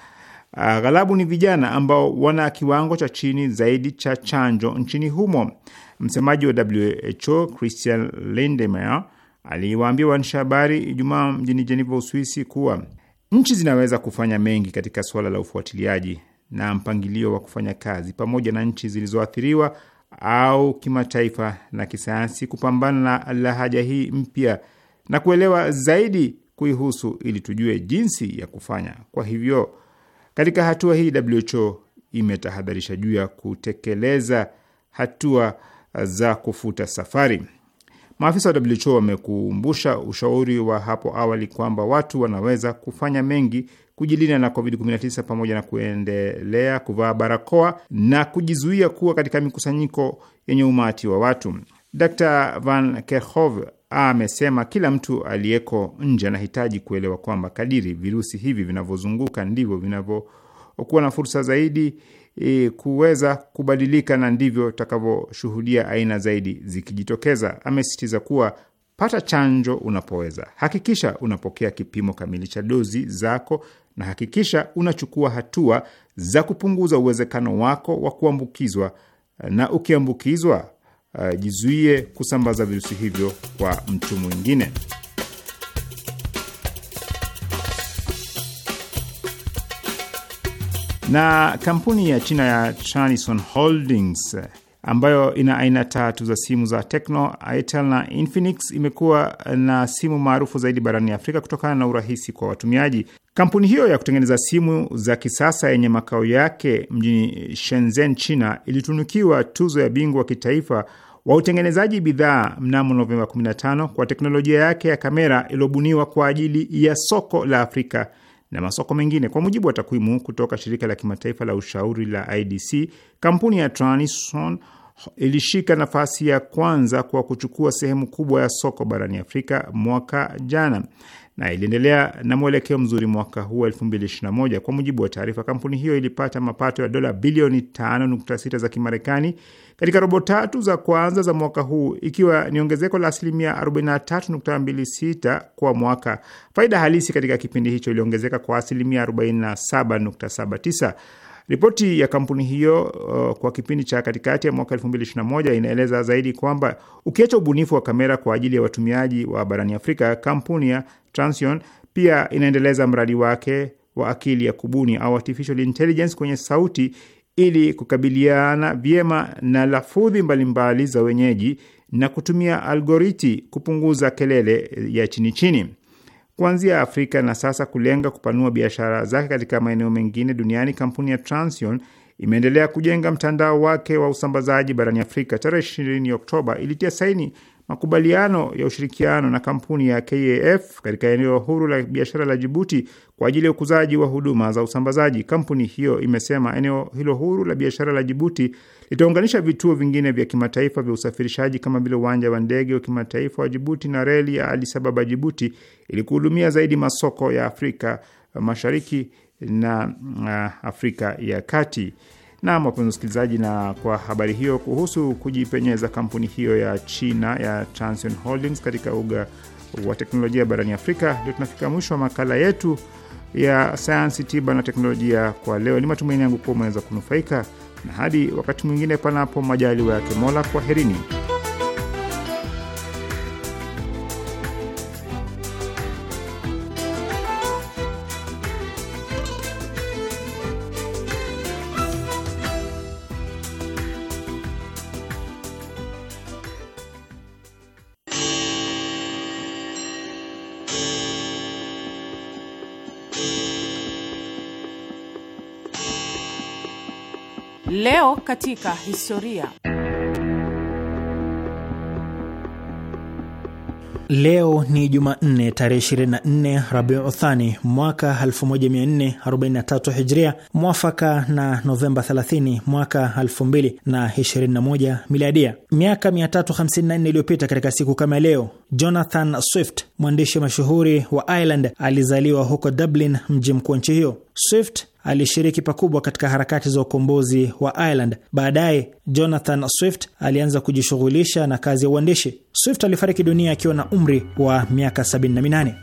aghalabu ah, ni vijana ambao wana kiwango cha chini zaidi cha chanjo nchini humo. Msemaji wa WHO Christian Lindmeier aliwaambia waandishi habari Ijumaa mjini Jeneva, Uswisi, kuwa nchi zinaweza kufanya mengi katika suala la ufuatiliaji na mpangilio wa kufanya kazi pamoja na nchi zilizoathiriwa au kimataifa na kisayansi kupambana na lahaja hii mpya na kuelewa zaidi kuihusu ili tujue jinsi ya kufanya. Kwa hivyo, katika hatua hii WHO imetahadharisha juu ya kutekeleza hatua za kufuta safari. Maafisa wa WHO wamekumbusha ushauri wa hapo awali kwamba watu wanaweza kufanya mengi kujilinda na COVID-19 pamoja na kuendelea kuvaa barakoa na kujizuia kuwa katika mikusanyiko yenye umati wa watu. Dr Van Kerkhove amesema kila mtu aliyeko nje anahitaji kuelewa kwamba kadiri virusi hivi vinavyozunguka ndivyo vinavyokuwa na fursa zaidi e, kuweza kubadilika na ndivyo takavyoshuhudia aina zaidi zikijitokeza. Amesisitiza kuwa pata chanjo unapoweza, hakikisha unapokea kipimo kamili cha dozi zako na hakikisha unachukua hatua za kupunguza uwezekano wako wa kuambukizwa, na ukiambukizwa, uh, jizuie kusambaza virusi hivyo kwa mtu mwingine. na kampuni ya China ya Transsion Holdings ambayo ina aina tatu za simu za Tecno, Itel na Infinix imekuwa na simu maarufu zaidi barani Afrika kutokana na urahisi kwa watumiaji. Kampuni hiyo ya kutengeneza simu za kisasa yenye makao yake mjini Shenzhen, China, ilitunukiwa tuzo ya bingwa wa kitaifa wa utengenezaji bidhaa mnamo Novemba 15 kwa teknolojia yake ya kamera iliyobuniwa kwa ajili ya soko la Afrika na masoko mengine. Kwa mujibu wa takwimu kutoka shirika la kimataifa la ushauri la IDC, kampuni ya Transon ilishika nafasi ya kwanza kwa kuchukua sehemu kubwa ya soko barani Afrika mwaka jana na iliendelea na mwelekeo mzuri mwaka huu 2021. Kwa mujibu wa taarifa, kampuni hiyo ilipata mapato ya dola bilioni 5.6 za Kimarekani katika robo tatu za kwanza za mwaka huu, ikiwa ni ongezeko la asilimia 43.26 kwa mwaka. Faida halisi katika kipindi hicho iliongezeka kwa asilimia 47.79. Ripoti ya kampuni hiyo uh, kwa kipindi cha katikati ya mwaka 2021 inaeleza zaidi kwamba ukiacha ubunifu wa kamera kwa ajili ya watumiaji wa barani Afrika, kampuni ya Transion pia inaendeleza mradi wake wa akili ya kubuni au artificial intelligence kwenye sauti ili kukabiliana vyema na lafudhi mbalimbali za wenyeji na kutumia algoriti kupunguza kelele ya chini chini kuanzia Afrika na sasa kulenga kupanua biashara zake katika maeneo mengine duniani. Kampuni ya Transion imeendelea kujenga mtandao wake wa usambazaji barani Afrika. Tarehe 20 Oktoba ilitia saini makubaliano ya ushirikiano na kampuni ya KAF katika eneo huru la biashara la Jibuti kwa ajili ya ukuzaji wa huduma za usambazaji. Kampuni hiyo imesema eneo hilo huru la biashara la Jibuti litaunganisha vituo vingine vya kimataifa vya usafirishaji kama vile uwanja wa ndege wa kimataifa wa Jibuti na reli ya Addis Ababa Jibuti ili kuhudumia zaidi masoko ya Afrika Mashariki na uh, Afrika ya Kati. Na wapenzi wasikilizaji, na kwa habari hiyo kuhusu kujipenyeza kampuni hiyo ya China ya Transsion Holdings katika uga wa teknolojia barani Afrika, ndio tunafika mwisho wa makala yetu ya sayansi, tiba na teknolojia kwa leo. Ni matumaini yangu kuwa umeweza kunufaika, na hadi wakati mwingine, panapo majaliwa yake Mola, kwaherini. Leo katika historia. Leo ni Jumanne tarehe 24 rabi uthani mwaka 1443 Hijria, mwafaka na Novemba 30 mwaka 2021 Miladia. Miaka 354 iliyopita katika siku kama leo, Jonathan Swift, mwandishi mashuhuri wa Ireland, alizaliwa huko Dublin, mji mkuu wa nchi hiyo. Swift alishiriki pakubwa katika harakati za ukombozi wa Ireland. Baadaye Jonathan Swift alianza kujishughulisha na kazi ya uandishi. Swift alifariki dunia akiwa na umri wa miaka 78.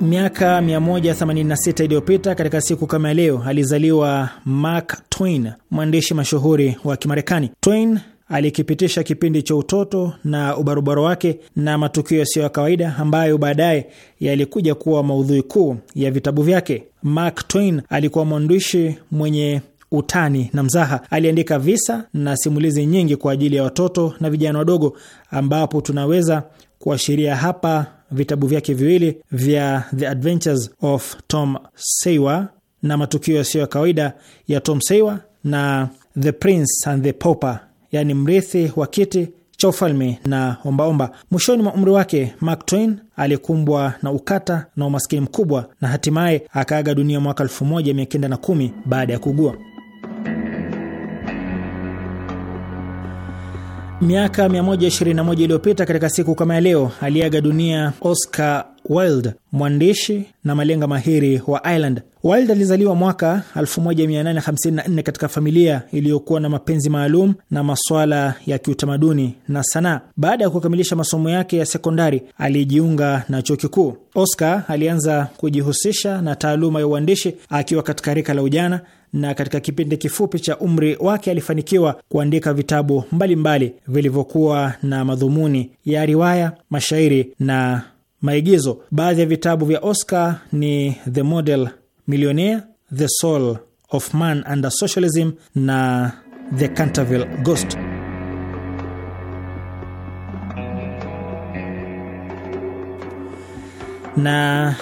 Miaka 186 iliyopita katika siku kama ya leo alizaliwa Mark Twain, mwandishi mashuhuri wa Kimarekani. Twain alikipitisha kipindi cha utoto na ubarobaro wake na matukio yasiyo ya kawaida ambayo baadaye yalikuja kuwa maudhui kuu ya vitabu vyake. Mark Twain alikuwa mwandishi mwenye utani na mzaha. Aliandika visa na simulizi nyingi kwa ajili ya watoto na vijana wadogo, ambapo tunaweza kuashiria hapa vitabu vyake viwili vya The Adventures of Tom Sawyer na matukio yasiyo ya kawaida ya Tom Sawyer na The Prince and the Pauper yaani mrithi wa kiti cha ufalme na ombaomba. Mwishoni mwa umri wake, Mark Twain alikumbwa na ukata na umaskini mkubwa na hatimaye akaaga dunia mwaka 1910 baada ya kuugua. Miaka 121 iliyopita katika siku kama ya leo aliaga dunia Oscar Wild, mwandishi na malenga mahiri wa Ireland. wild alizaliwa mwaka 1854 katika familia iliyokuwa na mapenzi maalum na masuala ya kiutamaduni na sanaa. Baada ya kukamilisha masomo yake ya sekondari, alijiunga na chuo kikuu. Oscar alianza kujihusisha na taaluma ya uandishi akiwa katika rika la ujana na katika kipindi kifupi cha umri wake alifanikiwa kuandika vitabu mbalimbali vilivyokuwa na madhumuni ya riwaya, mashairi na maigizo. Baadhi ya vitabu vya Oscar ni The Model Millionaire, The Soul of Man Under Socialism na The Canterville Ghost. Na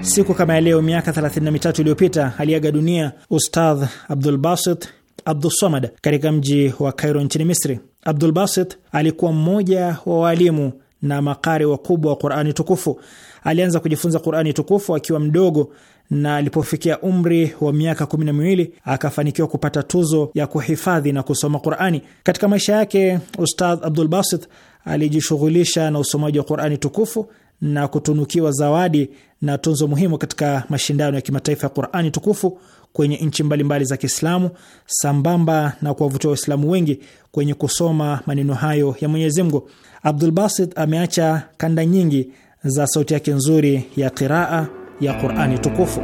siku kama ya leo miaka 33 iliyopita aliaga dunia Ustadh Abdul Basit Abdussamad katika mji wa Cairo nchini Misri. Abdul Basit alikuwa mmoja wa waalimu na makari wakubwa wa Qurani tukufu. Alianza kujifunza Qurani tukufu akiwa mdogo na alipofikia umri wa miaka kumi na miwili akafanikiwa kupata tuzo ya kuhifadhi na kusoma Qurani. Katika maisha yake, Ustadh Abdul Basit alijishughulisha na usomaji wa Qurani tukufu na kutunukiwa zawadi na tunzo muhimu katika mashindano ya kimataifa ya Qurani tukufu kwenye nchi mbalimbali za Kiislamu, sambamba na kuwavutia Waislamu wengi kwenye kusoma maneno hayo ya Mwenyezi Mungu. Abdul Basit ameacha kanda nyingi za sauti yake nzuri ya qiraa ya Qurani tukufu.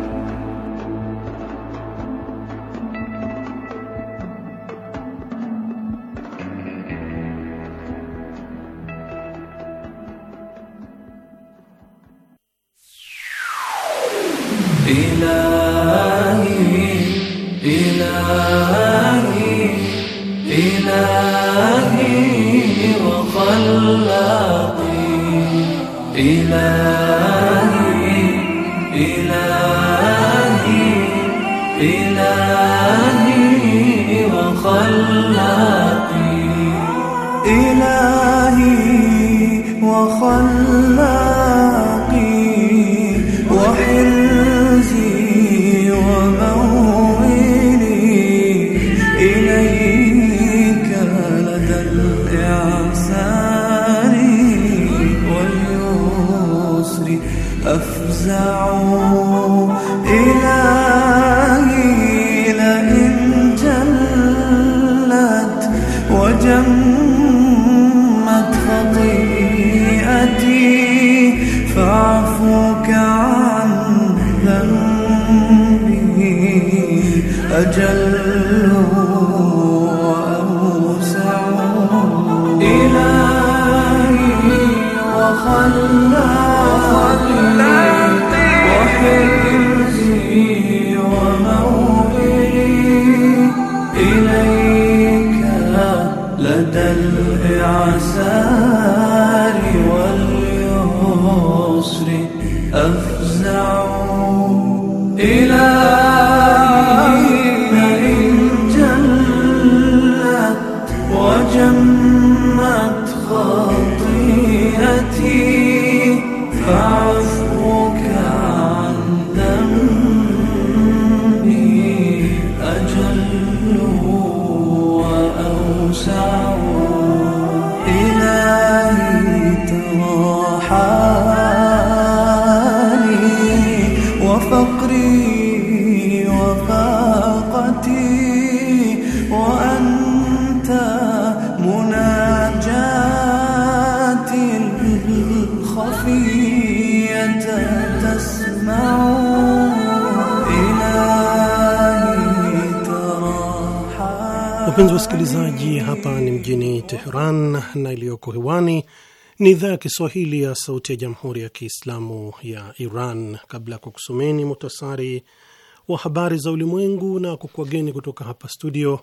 أجل وأوسع إلهي وخلاقي وحرزي وموضعي إليك لدى الإعسان Wapenzi wasikilizaji, hapa ni mjini Teheran na iliyoko hewani ni idhaa ya Kiswahili ya Sauti ya Jamhuri ya Kiislamu ya Iran. Kabla ya kukusomeni muhtasari wa habari za ulimwengu na kukuageni kutoka hapa studio,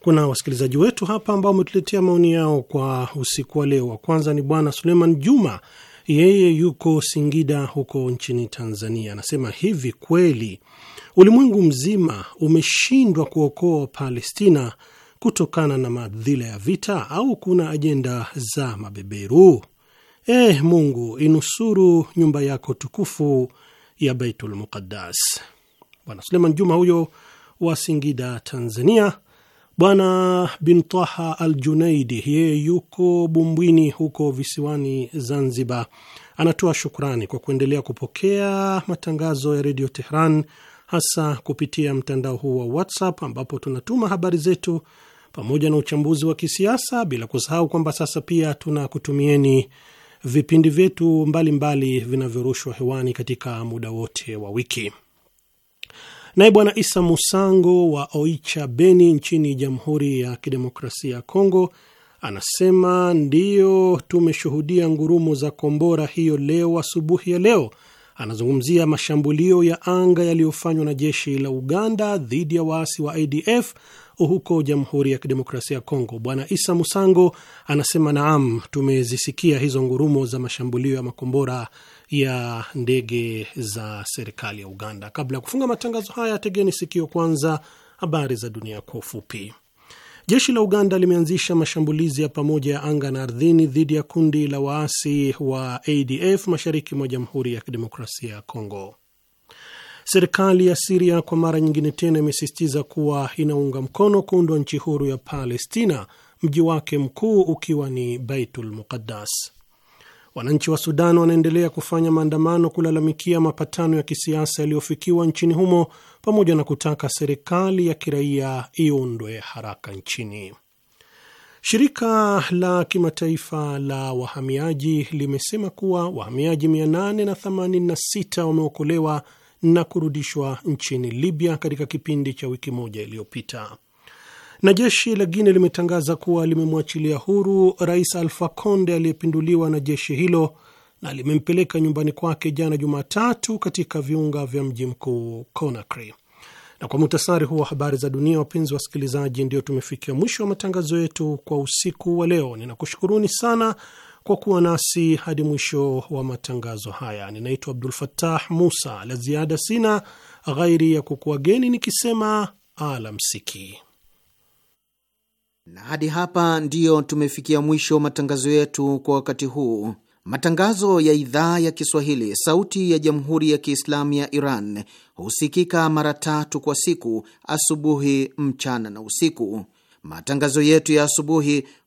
kuna wasikilizaji wetu hapa ambao wametuletea maoni yao kwa usiku wa leo. Wa kwanza ni Bwana Suleiman Juma, yeye yuko Singida huko nchini Tanzania. Anasema hivi, kweli ulimwengu mzima umeshindwa kuokoa Palestina kutokana na madhila ya vita au kuna ajenda za mabeberu? Eh, Mungu inusuru nyumba yako tukufu ya Baitul Muqaddas. Bwana Suleiman Juma huyo wa Singida, Tanzania. Bwana bin Taha al Junaidi, yeye yuko Bumbwini huko visiwani Zanzibar, anatoa shukrani kwa kuendelea kupokea matangazo ya redio Tehran, hasa kupitia mtandao huu wa WhatsApp ambapo tunatuma habari zetu pamoja na uchambuzi wa kisiasa, bila kusahau kwamba sasa pia tunakutumieni vipindi vyetu mbalimbali vinavyorushwa hewani katika muda wote wa wiki. Naye Bwana Isa Musango wa Oicha, Beni, nchini Jamhuri ya Kidemokrasia ya Kongo anasema ndiyo, tumeshuhudia ngurumo za kombora hiyo leo asubuhi ya leo. Anazungumzia mashambulio ya anga yaliyofanywa na jeshi la Uganda dhidi ya waasi wa ADF huko Jamhuri ya Kidemokrasia ya Kongo. Bwana Isa Musango anasema naam, tumezisikia hizo ngurumo za mashambulio ya makombora ya ndege za serikali ya Uganda. Kabla ya kufunga matangazo haya, tegeni sikio kwanza habari za dunia kwa ufupi. Jeshi la Uganda limeanzisha mashambulizi ya pamoja ya anga na ardhini dhidi ya kundi la waasi wa ADF mashariki mwa Jamhuri ya Kidemokrasia ya Kongo. Serikali ya Siria kwa mara nyingine tena imesisitiza kuwa inaunga mkono kuundwa nchi huru ya Palestina, mji wake mkuu ukiwa ni Baitul Muqaddas. Wananchi wa Sudan wanaendelea kufanya maandamano kulalamikia mapatano ya kisiasa yaliyofikiwa nchini humo pamoja na kutaka serikali ya kiraia iundwe haraka nchini. Shirika la kimataifa la wahamiaji limesema kuwa wahamiaji 886 wameokolewa na kurudishwa nchini Libya katika kipindi cha wiki moja iliyopita. Na jeshi la Guinea limetangaza kuwa limemwachilia huru rais Alpha Conde aliyepinduliwa na jeshi hilo na limempeleka nyumbani kwake jana Jumatatu katika viunga vya mji mkuu Conakry. Na kwa muhtasari huo habari za dunia, wapenzi wa wasikilizaji, ndio tumefikia mwisho wa matangazo yetu kwa usiku wa leo. Ninakushukuruni sana kwa kuwa nasi hadi mwisho wa matangazo haya. Ninaitwa Abdul Fattah Musa. La ziada sina ghairi ya kukuageni nikisema alamsiki. Na hadi hapa ndiyo tumefikia mwisho wa matangazo yetu kwa wakati huu. Matangazo ya idhaa ya Kiswahili sauti ya jamhuri ya Kiislamu ya Iran husikika mara tatu kwa siku: asubuhi, mchana na usiku. Matangazo yetu ya asubuhi